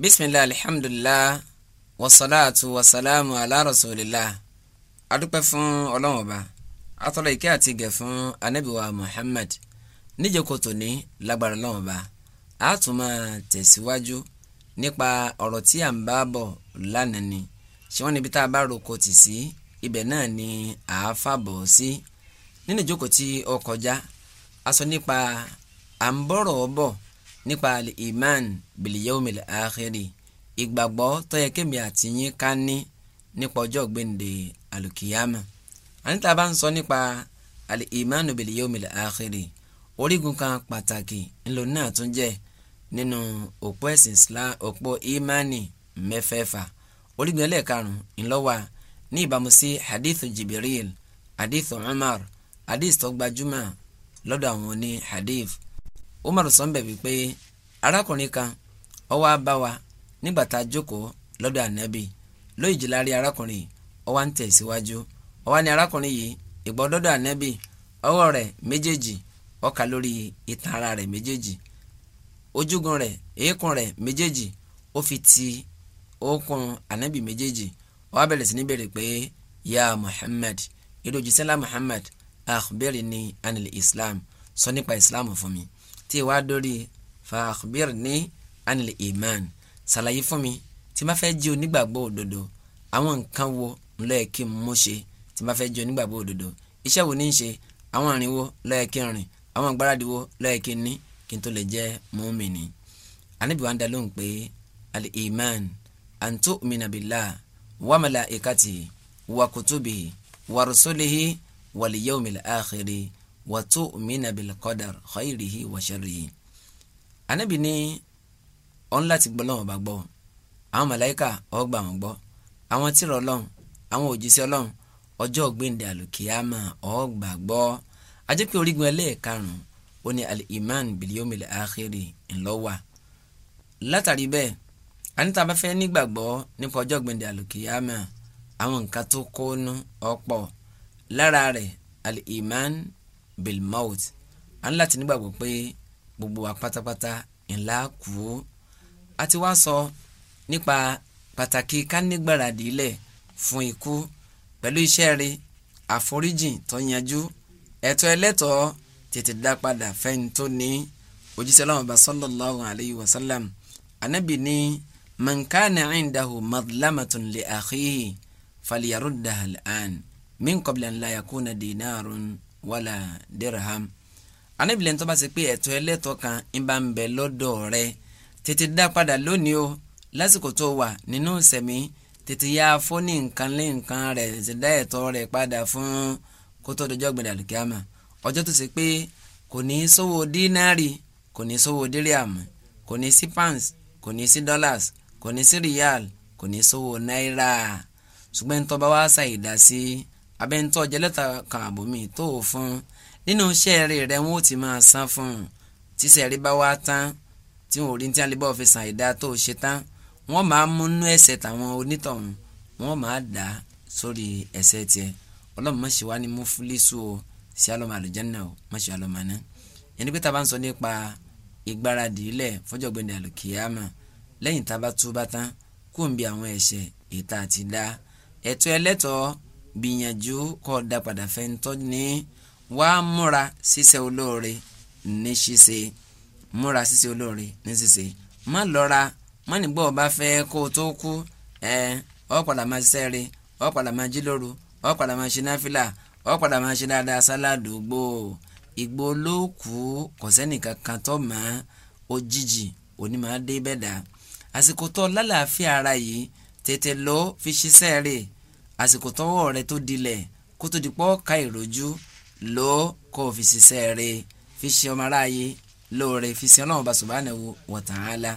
bisimilahi alihamdulilah wasalaatu wasalaamu ala rasulillah adúpẹ́ fún ọlọ́run ọba atọ́lọ́ ìkẹ́ àti ìgẹ̀ fún anabiwa muhammad níjókòó tòní lágbára ọlọ́run ọba a tún máa tẹ̀síwájú nípa ọ̀rọ̀ tí à ń bá bọ̀ lánàá ni ṣé wọ́n níbi tá a bá roko tì sí ibẹ̀ náà ni àáfà bọ̀ sí nínú ìjókòó tí ó kọjá a sọ nípa à ń bọ̀rọ̀ bọ̀ nípa àlè iman bìlìyẹ́wòmìl àkẹ́rì ìgbàgbọ́ tó yẹ kémi àtìyín ká ní nípa ọjọ́ gbẹ̀ǹde alùkìyàmà àníta bá ń sọ nípa àlè iman bìlìyẹ́wòmìl àkẹ́rì orígun kan pàtàkì ńlò náà tún jẹ́ nínú òpó ẹ̀sìn Islam òpó imani mẹ́fẹ̀ẹ̀fà orígun ẹlẹ́ẹ̀karùn-ún ńlọ́wà ní ìbámu sí hadith Jibril hadith Umar hadith tó gbajúmọ̀ lọ́dọ̀ àwọn oní hadith Umar sọ́nbẹ̀ wípé arákùnrin kan ó wá bá wa nígbà tá a jókòó lọ́dọ̀ ànábì lóyìí lárí arákùnrin ó wá ń tẹ̀síwájú ó wá ní arákùnrin yìí ìgbọ́ lọ́dọ̀ ànábì ọwọ́ rẹ̀ méjèèjì ó kà lórí ìtàn ara rẹ̀ méjèèjì ojúgun rẹ̀ èékún rẹ̀ méjèèjì ó fi ti okùn ànábì méjèèjì ó bẹ̀rẹ̀ sí ní bèrè pé ya Muhammad ìlú òjísẹ́lá Muhammad ni anil Islam sọ nípa Islam fún mi tí ì wá dórí fa akhbirni anil iman ṣàlàyé fún mi tí ma fẹ́ jẹ́ onígbàgbọ́ òdodo àwọn nǹkan wo ńlọ yẹ kí n mú ṣe tí ma fẹ́ jẹ́ onígbàgbọ́ òdodo iṣẹ́ wo ní í ṣe àwọn àrìn wo ló yẹ kí n rìn àwọn ìgbáradì wo ló yẹ kí n ní kí n tó lè jẹ́ mùmínì. Ànábì wa ń dá lóhùn pé al-iman an tu'mina billahi wa malaikatihi wa kutubihi wa rusulihi wa tu'mina bil qadar khayrihi wa sharrihi. anabi ní ọ̀n láti gbọ́ lọ́wọ́ bá gbọ́ àwọn màláíkà ó gbà wọ́n gbọ́ àwọn tìrọ̀ ọlọ́run àwọn òjíṣẹ́ ọlọ́run ọjọ́ gbẹ̀ǹdẹ̀ àlùkìyàmà ó gbà gbọ́ ajẹ́pẹ́ orígun ẹlẹ́ẹ̀karùn-ún ó iman bil yawmil akhiri ńlọ́wà látàrí bẹ́ẹ̀ anita bá fẹ́ nígbàgbọ́ nípa ọjọ́ gbẹ̀ǹdẹ̀ àlùkìyàmà àwọn nǹkan tó kónú ọ̀pọ̀ lára iman bilmout à ń láti nígbàgbọ́ pé gbogbo wa pátápátá ńlá kú ó a ti wá sọ nípa pàtàkì kánígbàràdì ilẹ̀ fún ikú pẹ̀lú iṣẹ́ rẹ̀ àforíjìn tó yanjú ẹ̀tọ́ ẹlẹ́tọ̀ọ́ tètè dá padà fẹ́ni tó ní òjíṣẹ́ láwọn ọba sallallahu alayhi wa sallam anabi ní mankana indahu madlamatun li akhihi falyaruddaha al'an min qabla an yakuna dinarun wala dirham anábìlẹ̀ tó bá ṣe pé ẹ̀tọ́ ẹlẹ́tọ́ kan ń bá ń bẹ lọ́dọ̀ rẹ tètè dá padà lónìí o lásìkò tó wà nínú sẹ̀mí tètè yá fún ní nǹkan lé nǹkan rẹ̀ tètè dá ẹ̀tọ́ rẹ̀ padà fún kótó dọjọ́ gbẹ̀dẹ̀ àlùkìyàmà ọjọ́ tó ṣe pé kò ní í sówó dínárì kò ní í sówó díríàmù kò ní í sí pounds kò ní í sí dollars kò ní í sí rial kò ní í sówó náírà ṣùgbọ́n tó bá wá ṣàìdá sí abẹ́ntọ́ jẹ́lẹ́ta kan àbòmí tó o fún nínú sẹ́ẹ̀rì rẹ wọn ó ti máa san fún un tí sẹ́ẹ̀rì bá wá tán tí wọn ò rí ní tí wọn lè bá òfin sàn ìdá tó o ṣe tán wọn máa mú nú ẹ̀ṣẹ̀ tàwọn onítọ̀hún wọn máa dà sórí ẹ̀ṣẹ̀ tiẹ̀ ọlọ́run má wá ní mú fúlísù o sí alọ́mọ àlùjánnà o má ṣe alọ́mọ náà ẹni pé tá bá ń sọ nípa ìgbáradì ilẹ̀ fọjọ́ àlùkìyàmà lẹ́yìn tá bá túbá tán kúńbi àwọn ẹ̀ṣẹ̀ ètà àti dá ẹ̀tọ́ ẹlẹ́tọ̀ọ́ gbìyànjú kọ́ ọ dá padà fẹ́ntọ́ ní wàá múra ṣiṣẹ́ olóore ní ṣíṣe múra ṣiṣẹ́ olóore ní ṣíṣe má lọ́ra má nígbà ọba fẹ́ kó o tó kú ẹ ọ padà máa ṣiṣẹ́ rẹ ọ padà máa jí lóru ọ padà máa ṣe náfìlà ọ padà máa ṣe dáadáa sáládù gbò ìgbò olóòkú kò sẹ́nìkan kan tó mọ́ òjijì òní máa dé bẹ́ẹ̀ dá àsìkò tó lálàáfíà ara yìí tètè lọ fi ṣiṣẹ́ rẹ̀ àsìkò tọ́wọ́ rẹ tó dilẹ̀ kó tó di pọ́ ká ìrojú lò ó kó o fi ṣiṣẹ́ rẹ fi ṣe ọmọ aráyé lóore fi ṣe ọlọ́run bá subhanahu wa ta'ala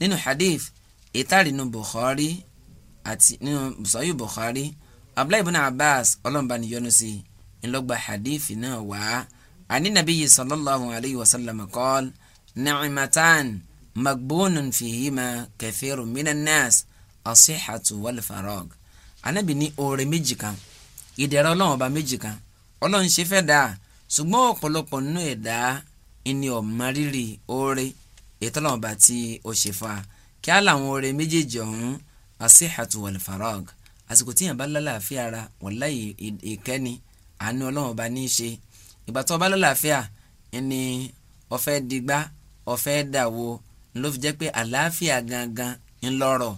nínú hadith ìtàrí nínú Bukhari àti nínú sọ́yì Bukhari Abdullahi ibn Abbas ọlọ́mba níyọnu sí ńlọgba hadith náà wá àní nabiyyi sallallahu alayhi wa sallam qala ni'matan magbónun fìhímà kathirun minan nas asihatu wal farag anabi ní oore méjì kan ìdẹ̀ra ọlọ́run ọba méjì kan ọlọ́run ṣe fẹ́ dáa ṣùgbọ́n ọ̀pọ̀lọpọ̀ nínú ẹ̀dá ìní ọ̀mọ rírì oore ètò ọlọ́run ọba tí ó ṣe fa kí á làwọn oore méjèèjì ọ̀hún asihatu wal farag àsìkò tí yàn bá lálàáfíà ara wàláyé ìkẹ́ni àánú ọlọ́run ọba ní í ṣe ìgbà tó bá lálàáfíà ẹni ọ̀fẹ́ digbá ọ̀fẹ́ dàwó ló fi jẹ́ pé àlàáfíà gangan ńlọrọ̀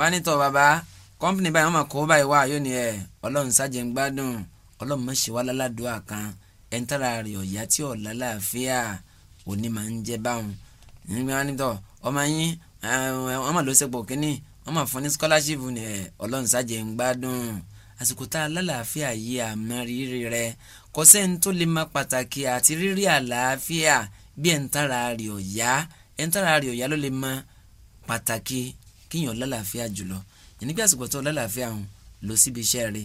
bánitọ bàbá kọ́mpìnì báyìí wọ́n máa kó báyìí wá yóò ní ẹ ọlọ́run sájẹ́ ń gbádùn ọlọ́run má ṣe wá láládùá kan ẹ̀ńtàrà rẹ̀ ọ̀yá tí ọ̀la láàfíà òní máa ń jẹ́ báwọn nígbà wọn nítọ̀ yín wọ́n máa lọ sẹ́pọ̀ kínní wọ́n máa fún ní scholarship ní ẹ ọlọ́run sájẹ́ ń gbádùn àsìkò tá a lálàáfíà yí àmọ́ rírì rẹ̀ kò sẹ́ni tó lè máa pàtàkì àti rírí àlàáfíà bí ẹ̀ńtàrà rẹ̀ ọ̀yá kíyàn lálàáfíà jùlọ yẹn nígbà àsìkò tó lálàáfíà hàn lọ síbi iṣẹ́ rẹ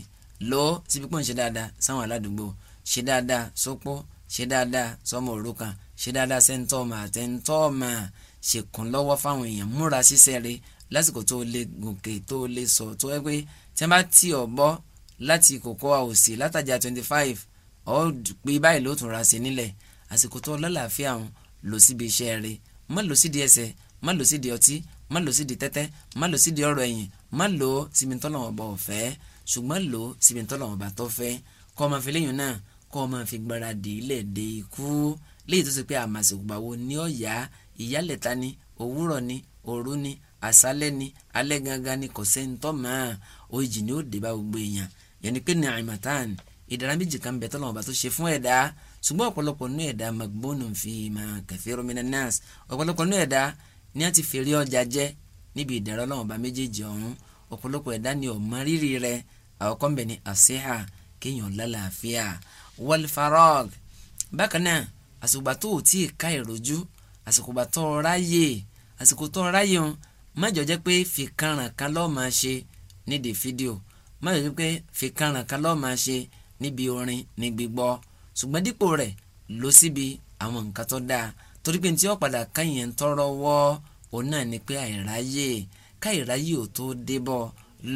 lọ síbi pọ́n ṣe dáadáa sáwọn aládùúgbò ṣe dáadáa sọ́pọ́ ṣe dáadáa sọ́mọ òrukàn ṣe dáadáa sẹ́ńtọ́ọ̀mà àtẹ́ńtọ́ọ̀mà ṣèkùn lọ́wọ́ fáwọn èèyàn múra síṣẹ́ rẹ lásìkò tó lè gòkè tó lè sọ tó ẹ pé tí wọ́n bá tì ọ́ láti kòkó àwòsí látàjà twenty five ọ́ pé báyìí ló tún ra sí nílẹ̀ àsìkò tó lálàáfíà hàn lọ síbi iṣẹ́ má lò sí di tẹ́tẹ́ má lò sí di ọ̀rọ̀ ẹ̀yìn má lò síbi tọ́lọ́wọ́n bá ọ̀fẹ́ ṣùgbọ́n lò síbi tọ́lọ́wọ́n bá tọ́fẹ́ kọ́ ọmọ fìlẹ́yìn náà kọ́ ọmọ fi gbáradì ilẹ̀ dé ikú léyìí tó ṣe pé àmàṣègbà wo ní ọ̀yá ìyálẹ̀ta ni òwúrọ̀ ni òru ni àṣálẹ́ ni alẹ́ gangan ni kò sẹ́ńtọ́ máa òjì ni ó dé bá gbogbo èèyàn yẹn ni pé ní àìmọ̀tán ìdára méjì kan bẹ tọ́lọ́wọ́n bá tó ṣe fún ẹ̀dá ṣùgbọ́n ọ̀pọ̀lọpọ̀ nú ẹ̀dá magbónú fi máa kẹfẹ́ romina nas ọ̀pọ̀lọpọ̀ nú ẹ̀dá ní àti fèrè ọjà jẹ níbi ìdẹ̀rọ̀ Ọlọ́run ọba méjèèjì ọ̀hún ọ̀pọ̀lọpọ̀ ẹ̀dá ni ọ̀mọ rírì rẹ̀ àkọ́kọ́ ń bẹ̀ ní àṣehà kéèyàn lálàáfíà wọlfarog bákan náà àsìkò tó o tí ì ká ìrojú àsìkò tó o ráyè àsìkò tó o ráyè ń májọ jẹ́ pé fìkanràn kan lọ́ọ́ máa ṣe nídìí fídíò májọ jẹ́ pé fìkanràn kan lọ́ọ́ máa ṣe níbi orin ní gbígbọ́ ṣùgbọ́n dípò rẹ̀ lọ síbi àwọn nǹkan tó dáa torí pé tí ó padà káyìn tọrọ wọ òun náà ni pé àìráyè káìráyè ò tó débọ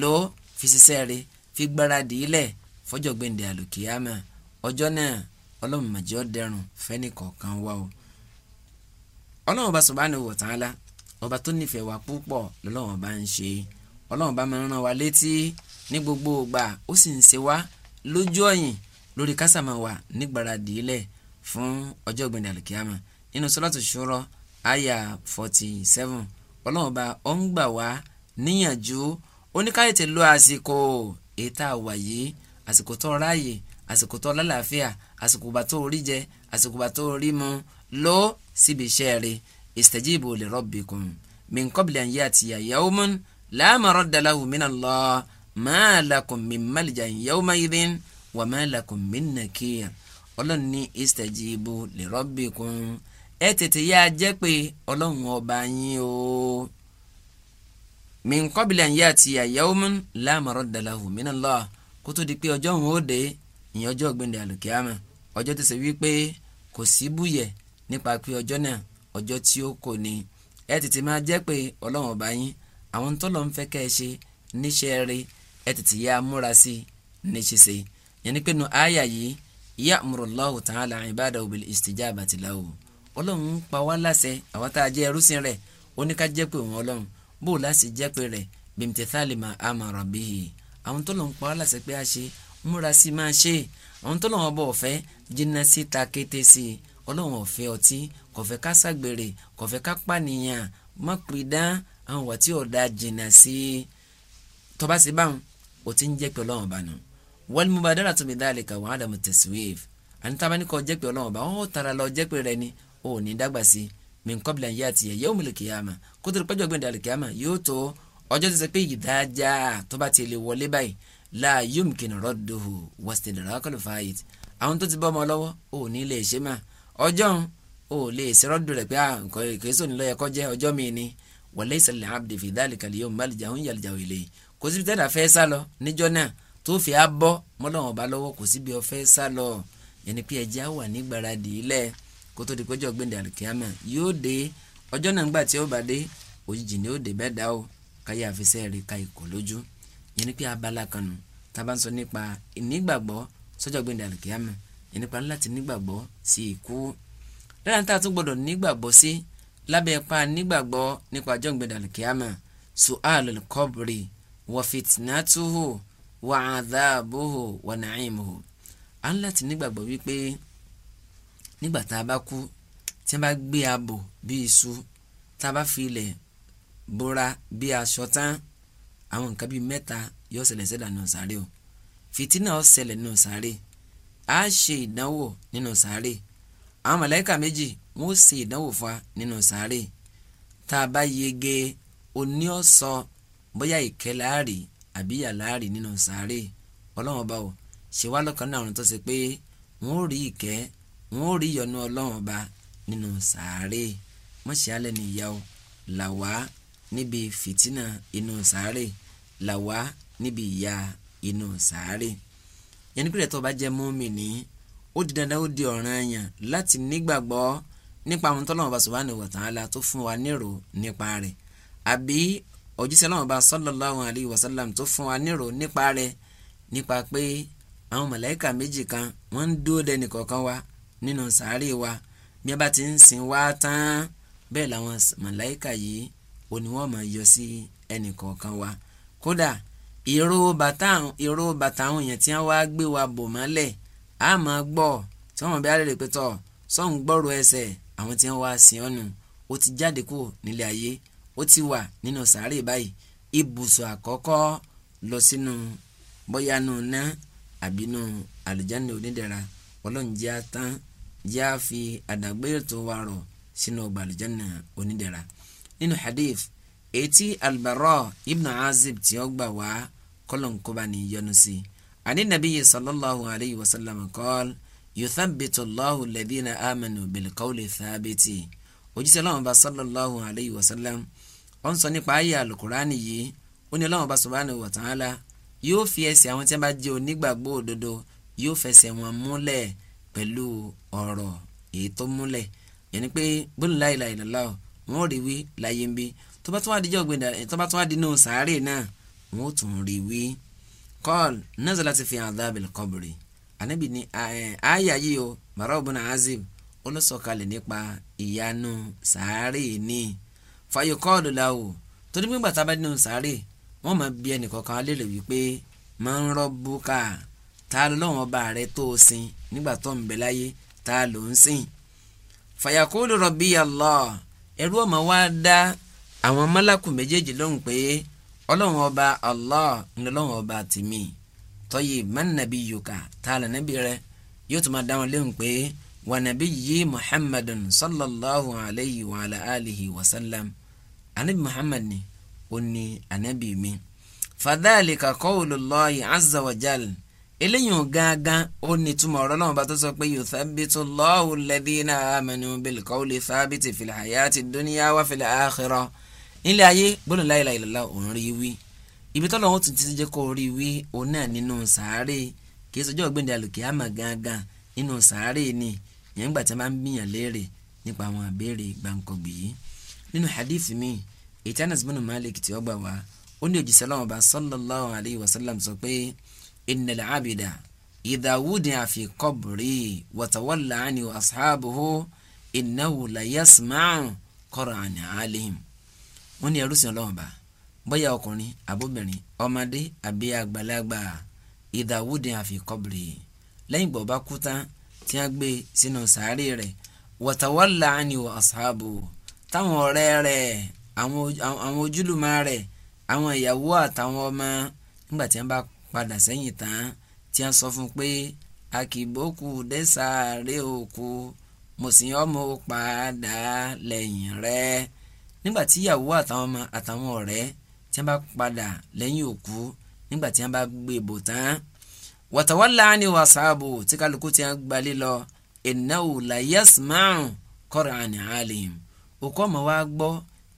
ló fi ṣiṣẹ́ rẹ̀ fi gbáradì ilẹ̀ fọjọ́ gbẹ̀ǹdẹ̀ àlùkìyàmà ọjọ́ náà ọlọ́run màjọ́ dẹrùn fẹ́ni kọ̀ọ̀kan wá o. ọlọ́run ọba subhanahu wa ta'ala ọba tó nífẹ̀ẹ́ wa púpọ̀ lọ́lọ́run ọba ń ṣe ọlọ́run ọba máa ń rán wa létí ní gbogbo ìgbà ó sì ń ṣe wá lójú ọ̀yìn lórí kásámà wa nígbàradì ilẹ̀ fún ọjọ́ gbẹ̀ǹdẹ̀ àlùkìyàmà nínú sọ́lọ́tù ṣúrọ́ àyà forty seven ọlọ́run ọba ó ń gbà wá níyànjú oníkáyọ̀tì lo àsìkò ètà àwàyé àsìkò tó ráàyè àsìkò tó lálàáfíà àsìkò bá tó rí jẹ àsìkò bá tó rí mu lọ síbi iṣẹ́ rẹ̀ istajibu li rabbikum min qabli an ya'tiya yawmun la maradda lahu minallahi ma lakum min malja'in yawma'idhin wa ma lakum min nakir ọlọ́run ní istajibu li rabbikum ẹ tètè yá a jẹ́ pé ọlọ́run ọba yín o min qabli an ya'tiya yawmun la maradda lahu min Allah kó tó di pé ọjọ́ òun ó dé ìyẹn ọjọ́ ọ̀gbìndẹ̀ àlùkìyàmà ọjọ́ tó ṣe wípé kò sí búyẹ̀ nípa pé ọjọ́ náà ọjọ́ tí ó kò ní ẹ tètè máa jẹ́ pé ọlọ́run ọba yín àwọn tó lọ́n fẹ́ kẹ́ ẹ ṣe níṣẹ́ rí ẹ tètè yá múra sí i níṣẹ́ sí i yẹn ni pé nu àyà yìí ya'muru Allahu ta'ala ibadahu bil istijabati lahu ọlọ́run ń pa wá láṣẹ àwọn tá a jẹ́ ẹrúsìn rẹ̀ ó ní pé òun ọlọ́run bó o láṣẹ jẹ́ pé rẹ̀ bimtithali ma amara bihi àwọn tó lọ́n pa wá láṣẹ pé a ṣe múra sí máa ṣe àwọn tó lọ́n ọba ọ̀fẹ́ jìnnà sí ta kété sí i ọlọ́run ọ̀fẹ́ ọtí kò fẹ́ ká ságbèrè kò fẹ́ ká pànìyàn má pidán àwọn wà tí ọ̀dà jìnnà sí i tó sí báwọn ò ti ń jẹ́ pé ọlọ́run ọba nù wal mubadaratu bidhalika wa adamu taswif àní tábánikọ́ jẹ́ pé ọlọ́run ọba ó tara lọ jẹ́ pé rẹ ni O ní dàgbà sí min qabla an ya'tiya yawmul qiyamah kó tó pẹ́jọ́ gbẹ̀dẹ̀ àlùkìyàmà yóò tó ọjọ́ tó ṣe pé ìdájà tó bá ti lè wọlé báyìí la yumkin radduhu wastidrakul fa'it àwọn tó ti bọ́ ọmọ lọ́wọ́ ò ní lè ṣe mà ọjọ́ ò lè ṣe rọ́dù rẹ̀ pé kò èso nílò ẹ̀kọ́ jẹ́ ọjọ́ mi ni walaysa lil abdi fi dhalika al-yawm malja'un yalja'u ilayhi kò síbi tẹ́lẹ̀ fẹ́ sá lọ níjọ́ náà ni pé kó di péjọ gbẹ̀ndẹ̀ àlùkìyàmà yóò dé ọjọ́ náà ńgbà tí ó bá dé òjijì ni ó dé bẹ́ẹ̀ dá o káyà àfisẹ́ rẹ̀ ka ìkò lójú yẹn ni pé abala kan nù tá a bá ń sọ nípa ìnígbàgbọ́ sọ́jọ́ gbẹ̀ndẹ̀ àlùkìyàmà yẹn nípa láti nígbàgbọ́ sí ikú dára tá a tún gbọ́dọ̀ nígbàgbọ́ sí lábẹ́ pa nígbàgbọ́ nípa ọjọ́ gbẹ̀ndẹ̀ àlùkìyàmà su'alul qabri wa fitnatuhu wa adhabuhu wa na'imuhu à ń láti nígbàgbọ́ wípé nígbà tá a bá kú tí a bá gbé abò bí iṣu tá a bá fi ilẹ̀ bora bí aṣọ tán àwọn nǹkan bíi mẹ́ta yóò ṣẹlẹ̀ sẹ́dà nínú sàárè o fìtínà ó ṣẹlẹ̀ nínú sàárè á ṣe ìdánwò nínú sàárè àwọn màláíkà méjì wọ́n ó ṣe ìdánwò fún wa nínú sàárè tá a bá yege oní ọ̀sọ́ bóyá ìkẹ́ láàrì àbí ìyà láàrì nínú sàárè ọlọ́run ọba o ṣe wá lọ́kàn náà àwọn tó ṣe pé wọ́n rí ìkẹ́ wọn ò rí ìyọ́nú ọlọ́run ọba nínú sàárè mọ̀ṣálẹ̀ níyàwó làwá níbi fìtínà inú sàárè làwá níbi ìyà inú sàárè yẹnni pé ìrètọ́ bá jẹ́ mùmínì ó di dandan ó di ọ̀ranyàn láti nígbàgbọ́ nípa àwọn tọ́lọ́run ọba subhanahu wa ta'ala tó fún wa nírò nípa rẹ̀ àbí òjíṣẹ́ ọlọ́run ọba sallallahu alayhi wa sallam tó fún wa nírò nípa rẹ̀ nípa pé àwọn màláíkà méjì kan wọ́n ń dúró dẹ́nì wa nínú sàárè wa bí a bá ti ń sìn wá tán bẹ́ẹ̀ làwọn màláìkà yìí ò ní wọ́n máa yọ sí ẹnì kọ̀ọ̀kan wa kódà ìró bàtà ìró bàtà àwọn èèyàn tí wọ́n wá gbé wa bò mọ́lẹ̀ a máa gbọ́ tí wọ́n bẹ́ẹ̀ rẹ̀ pé tọ̀ sọ́hùn gbọ́rọ̀ ẹsẹ̀ àwọn tí wọ́n wá sìn ọ́nù ó ti jáde kó nílé ayé ó ti wà nínú sàárè báyìí ibùsùn àkọ́kọ́ lọ sínú bóyá nù ná àbínú àlùjáde onídẹ̀ra ọlọ́run jẹ́ àtàn yá fi àdàgbéyètò wa rọ̀ sínú ọgbà àlùjáná onídẹ̀ra nínú hadith etí albaro ibn azib tí ó gbà wá kọlọ̀nkọba ní yọnu sí ani nabiyyi sallallahu alayhi wa sallam kọ́l yuthabbitu allahu alladhina amanu bilqawli thabiti òjíṣẹ́ ọlọ́run bá sallallahu alayhi wa sallam ó ń sọ nípa ayé alukurani yìí ó ní ọlọ́run bá subhanahu wa ta'ala yóò fi ẹsẹ̀ àwọn tí wọ́n bá jẹ́ onígbàgbọ́ òdodo yóò fẹsẹ̀ wọn múlẹ̀ pẹ̀lú ọ̀rọ̀ èyí tó múlẹ̀ yẹn ni pé bólú la ilaha illallah wọn ò rí wí láyé ń bí tó bá tún wá díjọ́ gbẹ̀dà tó bá tún wá dínú sàárè náà wọn ò tún rí wí. kọ́ọ̀l nazalati fi adhabil qabri ànábì ní àyà yìí o Bara'u bun Azib ó ló sọ̀kalẹ̀ nípa ìyanu sàárè ní fayokọ́ọ̀lù làwò torí pé gbàtà bá dínú sàárè wọ́n máa bi ẹnìkọ̀ọ̀kan lérè wípé man rabbuka ta lọ́wọ́n ọba rẹ tó o sìn nígbà tó ń bẹ láyé ta ló ń sìn. fàyàkóòlù rọ̀bì Allah ẹrú ọmọ wa dá àwọn mọ́lákù méjèèjì lóhùn pé ọlọ́wọ́n ọba Allah ni ọlọ́wọ́n ọba tèmi tọ́yì mẹ́nàbí yòókà ta lọ níbi rẹ yóò tún máa dá wọn pé wà nàbí yìí muhammadun sallallahu alayhi wa alihi wa sallam anabi muhammad ni ó ní anabi mi fadhalika qawlullahi azza wa eléyìí gángan ó ní túmọ̀ ọ̀rọ̀ náà bá tó sọ pé yuthabbitu Allahu alladhina amanu bil qawli thabiti fil hayati dunya wa fil akhirah nílé ayé gbọ́dọ̀ la ilaha illallah òun rí wí ibi tọ́lọ̀ wọn ti ti jẹ́ kó rí wí òun náà nínú sàárè kì í sọjọ́ ọ̀gbìn dàlù kì í àmà gángan nínú sàárè ni yẹn gbà tí a máa ń bìyàn léèrè innal abida idha wudi'a fi qabri watawalla ani wa ashabuhu innahu la yasma'u qara'ana alihim wọ́n ní ẹrú sí ọlọ́run bá bóyá ọkùnrin àbóbìnrin ọmọdé àbí àgbàlagbà idha wudi'a fi qabri lẹ́yìn gbọ́ bá kú tán tí a gbé sínú sàárè rẹ̀ watawalla ani wa ashabuhu táwọn ọ̀rẹ́ rẹ̀ àwọn ojúlùmọ̀ rẹ̀ àwọn ìyàwó àtàwọn ọmọ nígbà tí wọ́n bá padà sẹ́yìn tán tí a sọ fún un pé akìbókù dẹ́sàárẹ̀ òkú mo sì yàn ọmọ padà lẹ́yìn rẹ nígbà tí ìyàwó àtàwọn ọmọ àtàwọn ọ̀rẹ́ tí wọ́n bá padà lẹ́yìn òkú nígbà tí wọ́n bá gbé e bò tán wàtàwálà ni wàsáàbò tí kálukú ti gbalẹ̀ lọ ìnáwó làyẹ́sìmáà kọ́ra àní àlìm òkú ọmọ wa gbọ́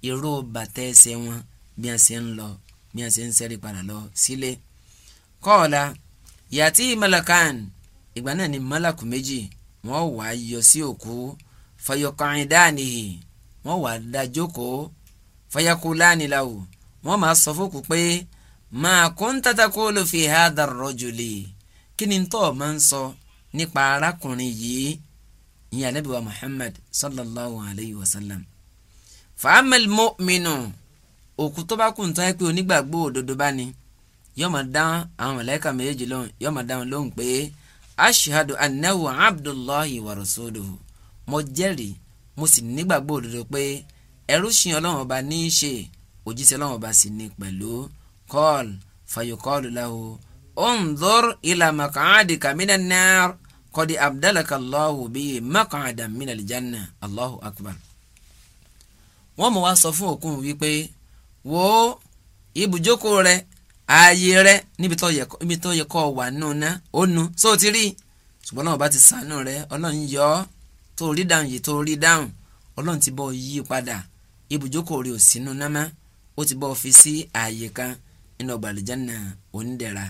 ìró bàtẹ́ ẹsẹ̀ wọn bí a ṣe ń lọ bí a ṣe ń sẹ́rí padà lọ sílé. Si kọ́ọ̀la yàtí malakan ìgbà náà ni malaku méjì wọ́n wà á yọ sí òkú fayọkọrin dáàníhì wọ́n wà á dájókòó fayakulani lawo wọ́n máa sọ fókù pé máa kó ń tàtàkó ló fi kí ni tó o máa ń sọ nípa arákùnrin yìí ìyẹn Ànábì wa Muhammad sallallahu alayhi wa sallam fàámẹ́lì mọ́mìnù òkú tó bá kùn tó ẹ pé onígbàgbọ́ òdodo bá ni yóò máa dán àwọn mọ̀lẹ́kà méjì lóhùn yóò máa dán lóhùn pé ashihadu anahu abdullahi wa rasuluhu mo jẹ́rìí mo sì nígbàgbọ́ òdodo pé ẹrú sìn ọlọ́run ọba ní í ṣe òjíṣẹ́ ọlọ́run ọba sì ní pẹ̀lú kọ́ọ̀l fayokọ́ọ̀lù lahu ondor ila makaadi kamina naar kọ́di abdalaka allahu bíi makaada mina alijanna allahu akbar. wọ́n mọ̀ wá sọ fún òkun wípé wo ibùjókòó rẹ̀ ààyè rẹ níbi tó yẹ kó wà nù ná ó nu só ti rí ṣùgbọ́n náà bá ti sànù rẹ ọlọ́run yọ ọ́ tó rí dáhùn yìí tó rí dáhùn ọlọ́run ti bọ́ yí padà ibùjókòó rẹ ò sínú ná má ó ti bọ́ fi sí ààyè kan nínú ọgbà àlùjáná òǹdẹ̀ra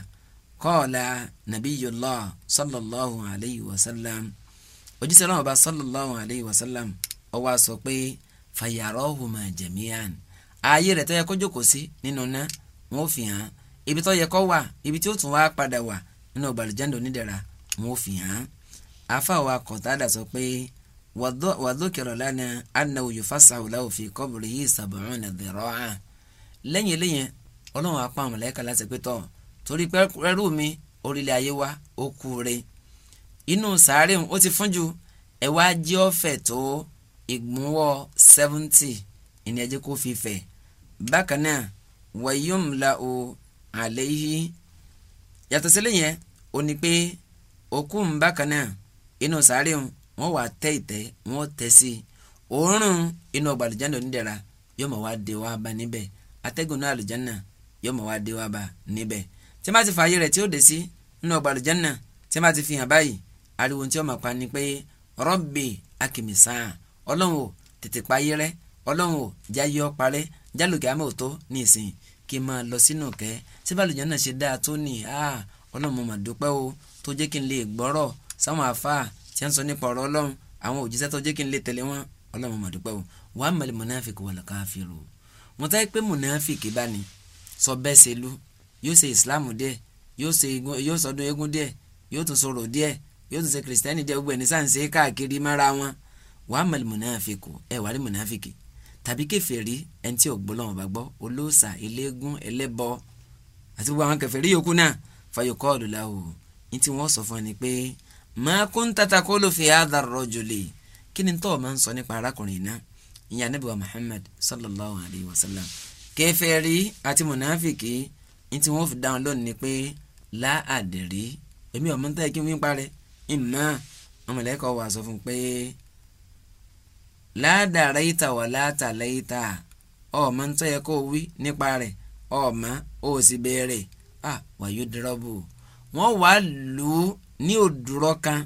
kọ́ọ̀lá nabiyullah sallallahu alayhi wa sallam ojúṣe ọlọ́run ọba sallallahu alayhi wa sallam ó wá sọ pé fàyàrọ́ hùmà jẹ̀míyàn ààyè rẹ̀ tó yẹ kó jókòó sí nínú ná wọ́n fi hàn ibi tó yẹ kó wà ibi tí ó tún wá padà wà nínú ọgbà àlùjáde wọn ò fi hàn afa wa kọ̀tàdà sọ pé wàdókèrò lánàá anna òyòfà sàwùlà òfin kọ́bùrì yìí sàbùrún nà dẹ̀rọ̀ hàn lẹ́yìn eléyẹn ọlọ́run apá àmọ̀lẹ́kà láti pé tọ̀ torí pé rẹ́rù mi orílẹ̀ ayé wa ó kú re inú sàárè ó ti fún ju ẹ̀wá jẹ́ ọ̀fẹ́ tó ìgbúnwọ́ seventy ìní ẹjẹ́ kó fi fẹ̀ bákan náà wàyí yóò mú la o alayhi yàtọ̀ sílẹ̀ yẹn ó ní pé òkú ń bákan náà inú sáré wọn wà tẹ́ ìtẹ́ wọn tẹ́ sí i òórùn inú ọgbà onídẹ̀ra yóò mọ̀ wá dé wá bá níbẹ̀ atẹ́gùn náà mọ̀ wá dé wá bá níbẹ̀ tí ti fààyè rẹ̀ tí ó dé sí inú tí ti fi hàn báyìí ariwo tí ó síbàlù jẹ́ náà ṣe dáa tó nì á ọlọ́mọ mà dúpẹ́ o tó jẹ́ kí n lè gbọ́rọ̀ sáwọn àfáà tí wọ́n sọ nípa ọ̀rọ̀ ọlọ́run àwọn òjíṣẹ́ tó jẹ́ kí n lè tẹ̀lé wọn ọlọ́mọ mà dúpẹ́ o wàá mẹ́lẹ̀ mọ̀náfíkì wà lọ́kàáfíìrù wọn táyé pé mọ̀náfíkì bá ní sọ bẹ́ẹ̀ ṣe lu yóò ṣe ìsìláàmù díẹ̀ yóò ṣe yóò sọdún eégún díẹ̀ yóò tún sọ̀rọ̀ díẹ̀ yóò tún ṣe kìrìsìtẹ́nì díẹ̀ gbogbo ẹ̀ ní sáǹsì káàkiri mára wọn wàá mẹ́lẹ̀ mọ̀náfíkì ẹ̀ wàá rí mọ̀náfíkì tàbí kèfèrí ẹni tí ò gbọ́ bá gbọ́ olóòṣà eléégún ẹlẹ́bọ àti gbogbo àwọn kèfèrí yòókù náà fayokọ́ọ̀lù láwù ní tí wọ́n sọ fún ẹni pé máa kó ń tata kó ló fi àdá rọ́jò lè kí ni tó o máa ń sọ nípa arákùnrin náà ìyá anábìwá Muhammad sallallahu alayhi wa sallam kèfèrí àti mùnàfìkì ní tí wọ́n fi dáhùn lónìí ni pé láàdìrí èmi ọ̀mọ́ tẹ́ kí n wípa rẹ̀ ìmọ̀ ọmọlẹ́kọ̀ọ́ wà sọ fún pé ládàrẹ́yìntà wà látàlẹ́yìntà ọ̀mọ́ tẹ́ kó wí nípa rẹ̀ ọ̀mọ́ ó sì bẹ̀rẹ̀ à wàyó dúrọ́bù wọ́n wà lù ú ní òdúrọ́ kan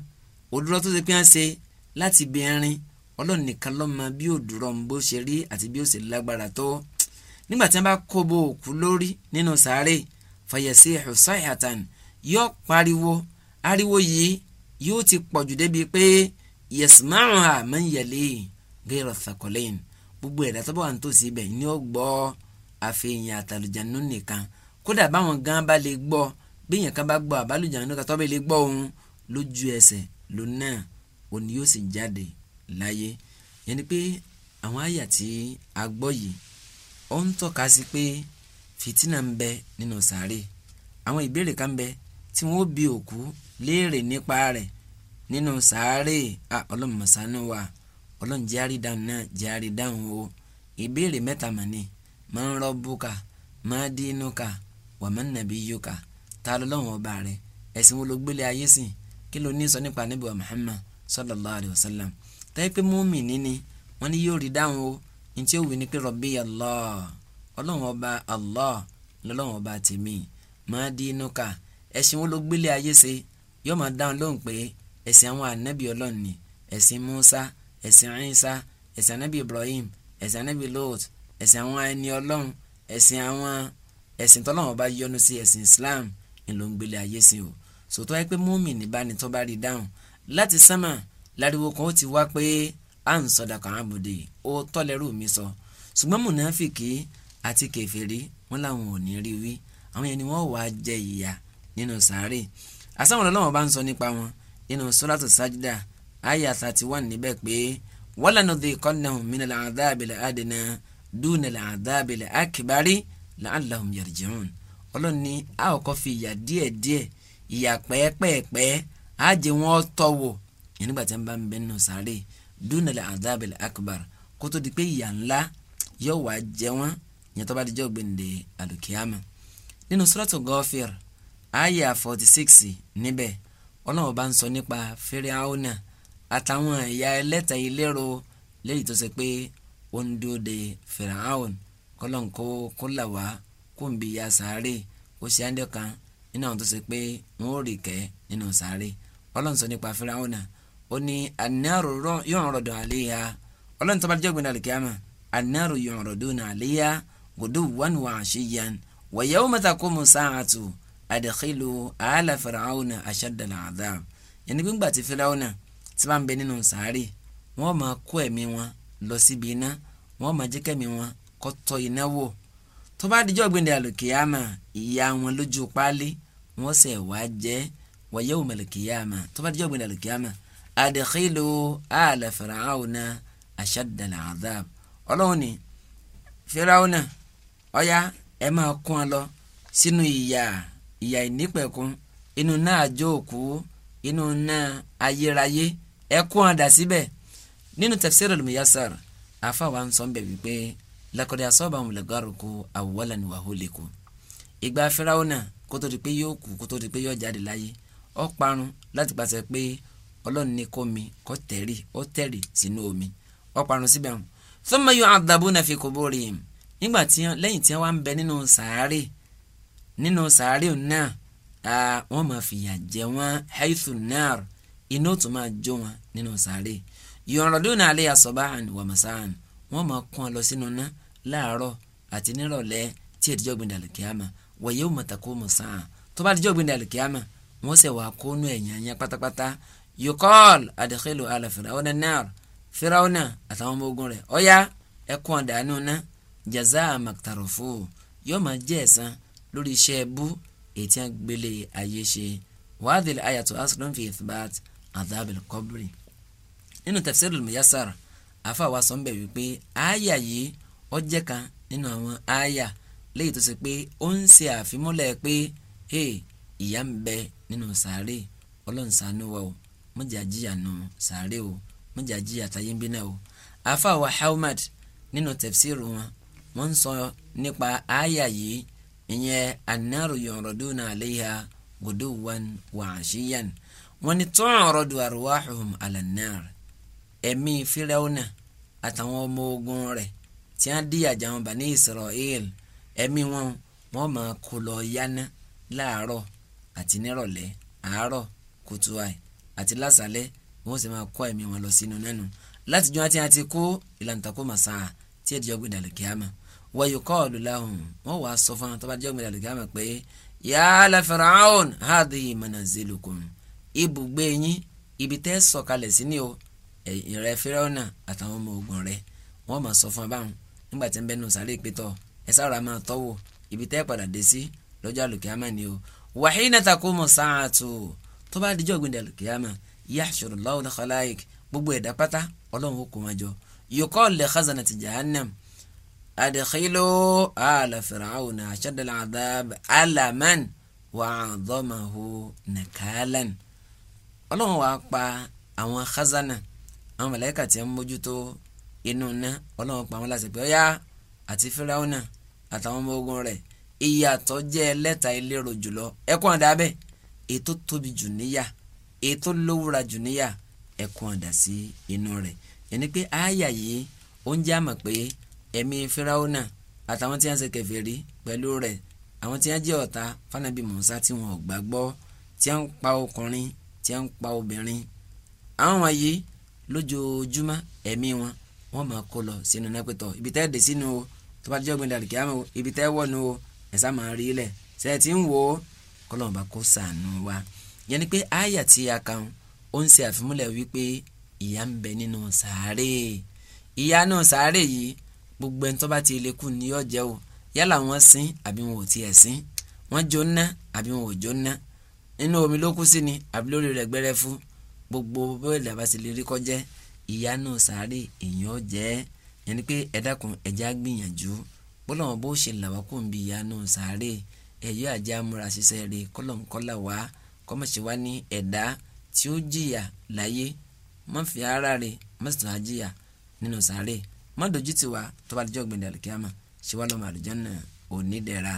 òdúrọ́ tó ṣe pé wọ́n ṣe láti bí irin ọlọ́run nìkan ló mọ bí òdúrọ́ ń bó ṣe rí àti bí ó ṣe lágbára tó nígbà tí wọ́n bá kó bo òkú lórí nínú sàárè fàyẹ̀sí ẹ̀hùsáì àtàn yóò pariwo ariwo yìí yóò ti pọ̀jù débi pé yẹ̀sìmáàrún àmọ́ ń yẹ̀lé gẹ́rọ̀ sàkọ́lẹ́yìn gbogbo ẹ̀dá tó bá wà nítòsí ibẹ̀ ni ó gbọ́ ọ́ àfihàn àtàlùjànnú nìkan kódà báwọn gan bá lè gbọ́ bíyàn kan bá gbọ́ àbálùjànnú kan tó bá lè gbọ́ òun lójú ẹsẹ̀ lónìí náà òun yóò sì jáde láyé yẹn ni pé àwọn àyà tí a gbọ́ yìí ó ń tọ́ka sí pé fìtínà ń bẹ nínú sàárè àwọn ìbéèrè kan bẹ tí wọ́n bi òkú léèrè nípa rẹ̀ nínú sàárè a ọlọ́mọ̀sánú wa ọlọ́njẹ́ àrídáhùn náà jẹ́ àrídáhùn o ìbéèrè mẹ́ta mà ní man rabbuka ما dinuka wa man nabiyuka ta ló lọ́wọ́ ọba rẹ ẹ̀sìn wo ló gbélé ayé sìn kí ló ní sọ nípa Ànábì wa Muhammad sallallahu alayhi wa sallam táyé pé mùmínì ni wọ́n ní yóò rí dáhùn o ní tí ó wí ni pé Rabbi Allah ọlọ́wọ́ ọba Allah lọ́lọ́wọ́ ọba tèmi ma dinuka ẹ̀sìn wo ló gbélé ayé ṣe yóò máa dáhùn lóhùn pé ẹ̀sìn àwọn ànábì ọlọ́run ni ẹ̀sìn Musa ẹ̀sìn Isa ẹ̀sìn ànábì Ibrahim ẹ̀sìn ànábì Lot ẹ̀sìn àwọn ẹni ọlọ́run ẹ̀sìn àwọn ẹ̀sìn tọ́lọ́run bá yọ́nú sí ẹ̀sìn Islam ńlọ ń gbélé ayé sí o sòtọ́ ẹ pé múmi ní báni tó bá rí dáhùn láti sámà láriwo kan ó ti wá pé à ń sọdà kan àbòdè ó tọ́lẹ́rù mi sọ ṣùgbọ́n mùnàfìkì àti kèfèrí wọn làwọn ò ní rí wí àwọn yẹn ni wọ́n wàá jẹ ìyà nínú sàárè àsáwọn ọlọ́wọ́n bá ń sọ nípa wọn nínú sọ́látò sájídà àyà thirty one níbẹ̀ pé wọ́n lànà dé kọ́nà mìíràn àdáàbẹ̀lẹ̀ dúnà làdábìlẹ̀ akibari làálàhùn yẹrìjẹun ọlọ́run ní a ò kọ́ fi ìyà díẹ̀díẹ̀ ìyà pẹ́ẹ́pẹ́ẹ́pẹ́ á jẹ wọ́n tọ́ wò nígbà tí wọ́n bá ń bẹ nínú sáré dúnà làdábìlẹ̀ akibari kó tó di pé ìyà ńlá yóò wá jẹ wọ́n yẹn tó bá di jọ́ gbèǹde àlùkìyàmù nínú sọ́tò gọ́fìr àyà forty six níbẹ̀ ọlọ́run bá ń sọ nípa fíríáwọ́nà àtàwọn ẹ̀yà ẹlẹ́tà ìlérò lẹ́yìn tó ṣe pé ó ń dúró de Firaun kọ́lọ́n kó kó là wá kó ń bi ya sáré ó ṣe áńdẹ́ kan nínú àwọn tó ṣe pé wọ́n ó rì kẹ́ nínú sáré Ọlọ́run sọ nípa Firaun náà ó ní anáàrò yóò rọ̀dọ̀ àléyà Ọlọ́run bá jẹ́ ògbìn àlùkí àmà yóò rọ̀dọ̀ náà àléyà gòdó wọn wà àṣeyàn wa yawma taqumu sa'atu adkhilu ala Firaun ashadda al'adhab yẹn ní gbígbà tí Firaun náà ti bá ń bẹ nínú sáré wọ́n máa kó ẹ̀mí wọn lọ síbi iná wọ́n máa jẹ́ kẹ́mi wọn kọ́ tọ́ iná wò tó bá dijọ́ gbẹ̀ndẹ̀ àlùkìyàmà ìyá wọn lójú páálí wọ́n sẹ̀ wá jẹ́ wọ́yẹ́ wò mẹ̀lùkìyàmà tó bá dijọ́ gbẹ̀ndẹ̀ àlùkìyàmà adkhilu ala fir'auna ashadda al'adhab ọlọ́run ni fìràwọ̀nà ọ̀yá ẹ máa kún ọ lọ sínú ìyà ìyà ìnípẹ̀kun inú náà àjò òkú inú náà ayérayé ẹ kún ọ dà síbẹ̀ nínú tafsirul muyassar afa wa ń sọ ń bẹ̀ wípé lakọ̀dẹ̀ asọ́ba mọ̀lẹ́gàrúkú awọ́lá ni wàhó lẹ́kọ̀ọ́ ìgbà Fíráúnà kó tó di pé yóò kú kó tó di pé yóò jáde láyé ó parun láti pàṣẹ pé ọlọ́run ní kó mi kó tẹ̀rì ó tẹ̀rì sínú omi ó parun síbẹ̀ hàn thumma yu'adhabuna fi quburihim nígbà tí lẹ́yìn tí wọ́n wá ń bẹ nínú sàárè nínú sàárè náà wọ́n máa fìyà jẹ wọ́n haythu nar iná tó máa jó wọn nínú sàárè yọ̀rọ̀dún àlẹ́ àsọ̀báhàn wà màsáhàn wọ́n máa kún ọ lọ sínú ná láàárọ̀ àti nírọ̀lẹ́ tí èdèjọ́ gbìn dàlù kíámà wọ̀nyẹ́ ò mọ̀tàkó mọ̀sáhàn tó bá dèjọ́ gbìn dàlù kíámà wọ́n sì wà kónú ẹ̀yàn yẹn pátápátá yòkọ́ọ̀l àdìkẹ́lò àlà fìràwọ́nà náà fìràwọ́nà àtàwọn ọmọ ogun rẹ̀ ọ̀yá ẹkún ọ̀dàánú ná jaza maktarofo yóò máa jẹ́ ẹ̀san lórí iṣẹ́ ẹbú ètí àgbélé ayé ṣe wàá dìlẹ̀ ayàtọ̀ asùlùmí fi ìfìbàt àdàbẹ̀lẹ̀ kọ́bìrì nínú tafsirul muyassar afa wa sọ nbẹ wípé àyà yìí ó jẹ́ kan nínú àwọn àyà léyìí tó ṣe pé ó ń ṣe àfimúlẹ̀ pé hey ìyà ń bẹ nínú sàárè ọlọ́run ṣàánú wa o mọ̀jà nù sàárè o mọ̀jà táyé ń bí náà o afa wa Ahmad nínú tafsiru wọn wọ́n ń sọ nípa àyà yìí ìyẹn annaru yuraduna alayha guduwan wa ashiyan wọ́n ní tu'radu arwahuhum ala nnar ẹ̀mí fíráúnà àtàwọn ọmọ ogun rẹ̀ tí wọ́n di àjà bá ní Israel ẹ̀mí wọn wọ́n máa kó lọ yáná láàárọ̀ àti nírọ̀lẹ́ àárọ̀ kùtù àì àti lásàlẹ̀ wọ́n sì máa kó ẹ̀mí wọn lọ sínú nánu látijọ́ àti àti kó ìlànà tako màsà tí ẹ̀dí ọgbìn dàlùkì àmà wọ́n yóò kọ́ ọ̀lù láhùn wọ́n wàá sọ fún wọn tó ọgbìn dàlùkì àmà pé yàrá Fáráò hàdí manazilukum ibùgbé yín ibi tẹ́ sọ̀kalẹ̀ sí ni o ìrẹ́ fíráúnà àtàwọn ọmọ ogun rẹ̀ wọ́n máa sọ fún abáhùn nígbà tí ń bẹ́nu sáré ìpẹ́tọ̀ ẹ sára máa tọ́wò ibi tẹ́ padà dé sí lọ́jọ́ àlùkìyàmà ni o wàhíìnà takumu sáàtù tó bá dijọ́ gbìn àlùkìyàmà yahshuru Allahul khalaik gbogbo ẹ̀dá pátá ọlọ́run ó kó wọn jọ yuqalu li khazanati jahannam adkhilu ala fir'auna ashaddal adhab alaman wa adhamahu nakalan ọlọ́run wàá pa àwọn khazana àwọn màláíkà tí ń mójútó inú iná ọlọ́run pa wọn láti pé ọ̀yá àti fíráúnà àtàwọn ọmọ ogun rẹ̀ ìyàtọ̀ jẹ́ ẹlẹ́ta ìlérò jùlọ ẹkún àdá bẹ́ẹ̀ ètò tóbi jù níyà ètò lówúra jù níyà ẹkún àdá sí inú rẹ̀ ẹni pé àáyà yìí ó ń jẹ́ àmọ̀ pé ẹ̀mí fíráúnà àtàwọn tí wọ́n ṣe kèfèrí pẹ̀lú rẹ̀ àwọn tí wọ́n jẹ́ ọ̀tá fanabi Mùsá tí wọn gbàgbọ́ tí wọ́n pa ọkùnrin tí wọ́n pa obìnrin àwọn wọ̀nyí lójoojúmọ́ ẹ̀mí wọn wọ́n máa kó lọ sínú nẹ́pẹ̀tọ̀ ibi tẹ́ dé sínú o tó bá dijọ́ gbẹ̀dẹ̀ àlùkí àmọ́ ibi tẹ́ wọ̀ nù o ẹ̀sà máa rí ilẹ̀ ṣe é ti ń wò ó kọ́lọ́n bá kó sànù wa yẹn ni pé àyà tí a kàn ó ń ṣe àfimúlẹ̀ wípé ìyà ń bẹ nínú sàárè ìyà náà sàárè yìí gbogbo ẹni tó bá ti lè kú ni yóò jẹ́ o yálà wọ́n sin àbí wọn ò tiẹ̀ sin wọ́n jóná àbí wọn ò jóná nínú omi ló kú sí ni àbí lórí rẹ̀ gbẹ́rẹ́ fún gbogbo bóyá àbáṣe lè rí kọjẹ́ ìyanu sàárè èèyàn jẹ́ yẹn ni pé ẹ dákun ẹ̀já gbìyànjú bọ́lọ́mọ bó ṣe làwákò ń bi ìyanu sàárè ẹ̀yọ́ àjẹ́ amúra ṣiṣẹ́ rẹ̀ kọ́lọ̀mùkọ́là wá kọ́mọ̀ṣe wá ní ẹ̀dá tí ó jìyà láyé má fi ara rẹ̀ má sì tún á jìyà nínú sàárè má dojú ti tó bá dijọ́ gbẹ̀dẹ̀ àlùkíyàmà ṣe wá lọ́mọ àlùjànnà òní dẹ̀ra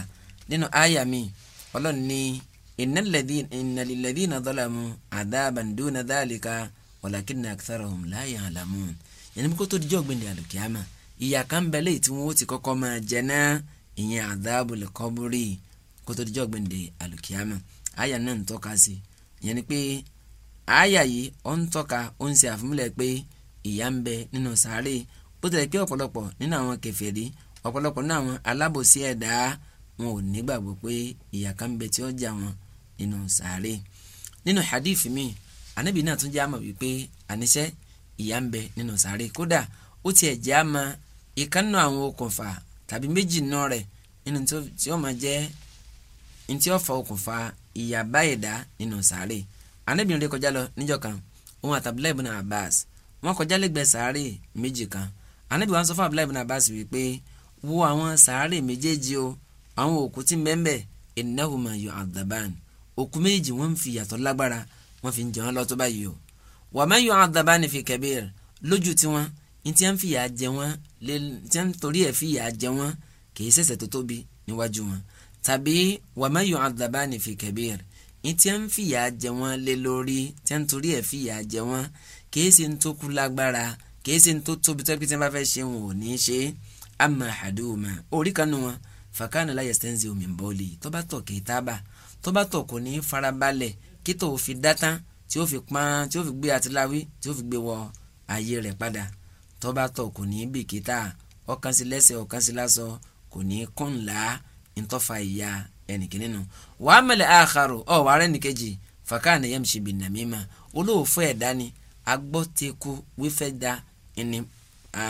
nínú àyà mi ọlọ́run ní ìnàlélẹ́dínà dọ́làmù àdábàndúnà dálíkà walakinna aktharahum la ya'lamun yẹn ní kó tó dijọ́ gbẹ̀ndẹ̀ àlùkìyàmà ìyà kan bẹ léyìí tí wọ́n ti kọ́kọ́ máa jẹ náà ìyẹn àdábùl qabri kó tó dijọ́ gbẹ̀ndẹ̀ àlùkìyàmà àyà náà ń tọ́ka sí yẹn ni pé àyà yìí ó ń tọ́ka ó ń ṣe àfimúlẹ̀ pé ìyà ń bẹ nínú sàárè ó tẹ̀lé pé ọ̀pọ̀lọpọ̀ nínú àwọn kèfèrí ọ̀pọ̀lọpọ̀ nínú àwọn alábòsí ẹ̀dá wọn ò nígbàgbọ́ pé ìyà kan bẹ tí ó jà wọn nínú sàárè nínú hadith mi anabi náà tún jẹ́ àmọ̀ wípé àníṣe ìyà ń bẹ nínú sàárè kódà ó tiẹ̀ jẹ́ àmọ̀ ìkànnà àwọn okùnfà tàbí méjì nù rẹ̀ nínú tí ó máa jẹ́ ntí ó fa okùnfà ìyà báyìdá nínú sàárè anabi ń rékọjá lọ níjọ́ kan òun àti Abdullahi ibn Abbas wọ́n kọjá lẹ́gbẹ̀ẹ́ sàárè méjì kan anabi wọn sọ fún Abdullahi ibn Abbas wípé wo àwọn sàárè méjèèjì o àwọn òkú tí ń bẹ́ẹ̀ bẹ́ẹ̀ innahuma yu'adhaban òkú méjì wọ́n fi yàtọ̀ lágbára wọ́n fi ń jẹ wọ́n lọ́tọ̀ báyìí o wà má yọ àdàbà ní fi kẹbíir lójú tiwọn ní tí wọ́n fi yà jẹ wọ́n lé tí wọ́n torí ẹ̀ fi yà jẹ wọ́n kì í ṣẹ̀ṣẹ̀ tó tóbi níwájú wọn tàbí wà má yọ àdàbà ní kẹbíir ní tí wọ́n fi yà jẹ wọ́n lé lórí tí wọ́n torí ẹ̀ fi yà jẹ wọ́n kì í ṣe ń tó kú lágbára kì í ṣe ń tó tóbi tó ẹ fakana la stẹ́ǹsì omi ń bọ́ lè tọ́ba tọ̀ kì í tábà tọ́ba tọ̀ kò ní í farabalẹ̀ kí tó fi dátá tí ó fi pọ́n tí ó fi gbé àtìláwí tí ó fi gbé wọ ayé rẹ̀ padà tọ́ba tọ̀ kò ní í bìkítà ọ̀kan sí lẹ́sẹ̀ ọ̀kan sí kò ní í kún ìyá ẹnìkíní nu wàá mẹ́lẹ̀ àkàrò ọ̀ wàá rẹ̀ nìkejì fàkànnì yẹn ṣe bìnnà mímà olóòfó ẹ̀dá ni agbọ́teku wífẹ́ da ẹni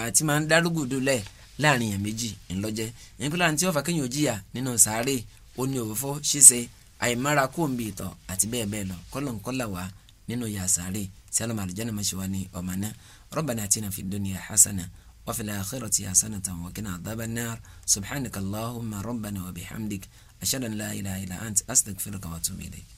àti máa ń darúgùdù lẹ́ẹ̀ láàrin yẹn méjì ńlọjẹ yẹn pé láàrin tí ọfà kéèyàn jìyà nínú sàárè ó ní òfófó ṣíṣe àìmára kó ń bi ìtọ̀ àti bẹ́ẹ̀ bẹ́ẹ̀ lọ kọ́lọ̀ńkọ́là wá nínú yà sàárè tí alọ́ màlújẹ́ náà mọ̀ṣẹ́ wa ní ọmọ náà rabbana atina fid dunya hasana wa fil akhirati hasanata wa qina adhaban nar subhanaka allahumma rabbana wa bihamdik ashhadu an la ilaha illa ant astaghfiruka wa atubu ilayk